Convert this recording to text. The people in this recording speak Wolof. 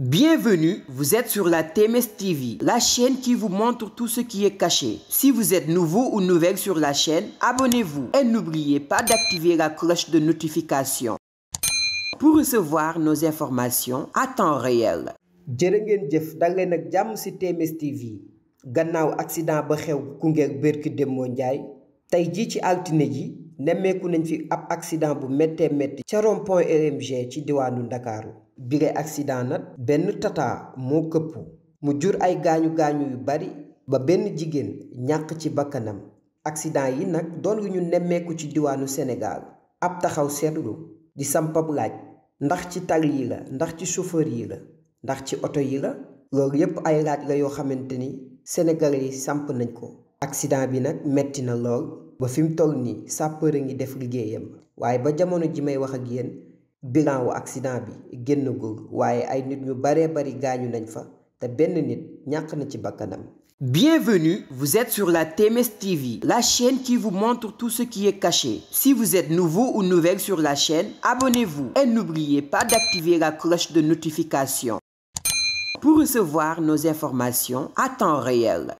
Bienvenue, vous êtes sur la TMS TV, la chaîne qui vous montre tout ce qui est caché. Si vous êtes nouveau ou nouvelle sur la chaîne, abonnez-vous et n'oubliez pas d'activer la cloche de notification pour recevoir nos informations à temps réel. jërë ngeen jëf dal leen ak jàmm ci TMS TV gannaaw accident ba xew Koungheul bërki Demba Ndiaye tey jii ci altine ji nemmeeku nañ fi ab accident bu méttee métti ca rond RMG ci diwaanu Ndakaaru bi ngay accident nag benn tata moo këpp mu jur ay gaañu gaañu yu bari ba benn jigéen ñàkk ci bakkanam accident yi nag doon yu ñu nemmeeku ci diwaanu Sénégal ab taxaw seetlu di sampab laaj ndax ci tali yi la ndax ci chauffeur yi la ndax ci oto yi la loolu yépp ay laaj la yoo xamante ni sénégalais yi samp nañ ko accident bi nag metti na lool ba fi mu toll nii sapeur a ngi def liggéeyam waaye ba jamono ji may wax ak yéen bilan wu accident bi génnagul waaye ay nit ñu baree bari gaañu nañu fa te benn nit ñàkk na ci bakkanam Bienvenue, vous êtes sur la TMS TV, la chaîne qui vous montre tout ce qui est caché. Si vous êtes nouveau ou nouvelle sur la chaîne, abonnez-vous et n'oubliez pas d'activer la cloche de notification pour recevoir nos informations à temps réel.